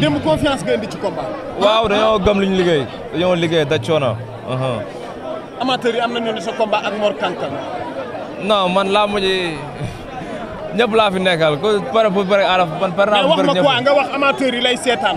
démb confiance nga indi ci combat. waaw dañoo gëm liñ liggéey dañoo liggéey daj coono. Uh-huh. amateurs yi am nañu ne sa combat ak Mor Kankan. non man laa mujj ñëpp laa fi nekkal ku pare pour pare aaraf man pare naa. mais ma quoi nga wax amateurs yi lay seetaan.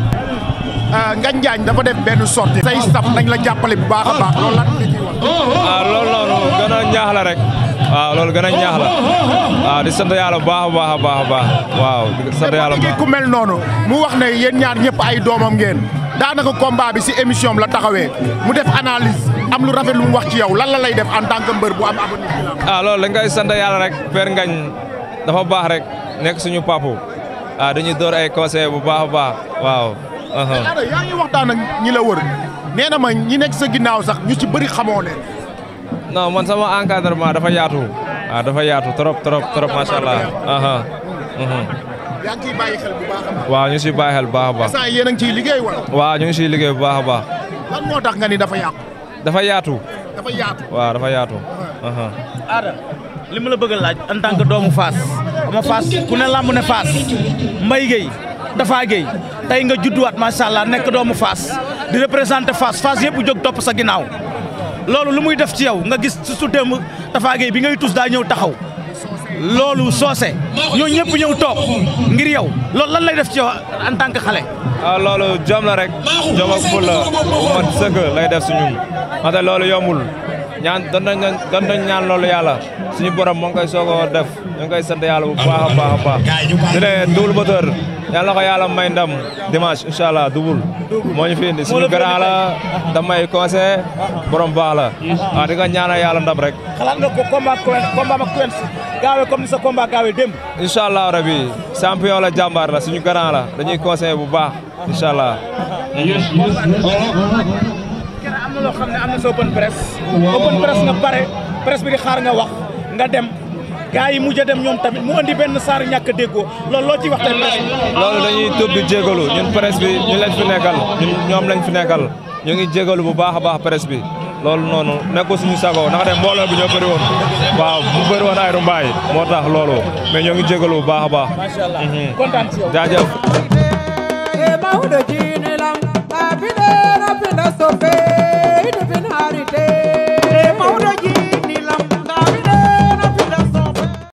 Ngagne Ndiagne dafa def benn sortie say staff nañ la jàppale bu baax a baax loolu lan la ñuy wax. waaw ah, loolu loolu gën la a ñaax la waaw ah, ah, bu baax a baax a waaw di sant ku mel noonu mu wax ne yéen ñaar ñëpp ay doomam ngeen daanaka combat bi si émission la taxawee mu def analyse am lu rafet lu mu wax ci yow lan lay def en tant que mbër bu am abonné. la loolu dañ koy yàlla rek Père Ngagne dafa baax rek nekk suñu papu dañuy door ay conseil bu baax a baax waaw. mais dara yaa ak ñi la wër ma ñi nekk sa ginnaaw sax ñu ci bëri xamoo leen. non man sama encadrement dafa yaatu. waaw ah, dafa yaatu trop trop trop macha allah. Mhm. yaa ngi xel bu baax a ñu ngi ciy bàyyi xel bu baax a baax. instant yéen a ciy liggéey wala. ñu ngi ciy liggéey bu baax a baax. lan moo tax nga ni dafa yàqu. dafa yaatu. dafa yaatu waaw dafa yaatu. Ada li la bëgg a laaj en tant que doomu faas ama Fass ku ne làmb ne Fass Mbaye Gueye Dafa Gueye tey nga judduwaat macha allah nekk doomu faas di représenté Fass Fass yëpp jóg topp sa ginnaaw loolu lu muy def ci yow nga gis su su démb Dafa Gueye bi ngay tus daa ñëw taxaw loolu soose ñooñu ñëpp ñëw toog ngir yow loolu lan lay def ci yow en tant que xale. ah loolu jom la rek jom ak ful la mat sëkk lay def suñu ndaxte loolu yombul ñaan doon nañ doon nañ ñaan loolu yàlla suñu borom moo ngi koy soog a def ñu koy sant yàlla bu baax a yàlla na ko yàlla may ndam dimanche incha allah dubul moo ñu fi indi suñu la da may borom baax la waaw di nga ñaanal yàlla ndam rek xalaat nga ko combat combat ak Quench gaawee comme ni sa combat gaawee démb incha allah rabi champion la jàmbaar la suñu la dañuy conseil bu baax incha allah loo xam ne am na sa open press nga pare presse bi xaar nga wax nga dem gars yi mujj a dem ñoom tamit mu andi benn saar ñàkk a déggoo loolu loo ci wax tey presse loolu dañuy tub di jégalu ñun presse bi ñu lañ fi nekkal ñun ñoom lañ fi nekkal ñu ngi jégalu bu baax a baax presse bi loolu noonu nekkul suñu sago ndax de bu bi ñoo bëri woon waaw bu bëri woon ay rumbaay moo tax loolu mais ñoo ngi jégalu bu baax a baax. macha allah mhm. kontaan ci yow jaajëf. Eh, eh,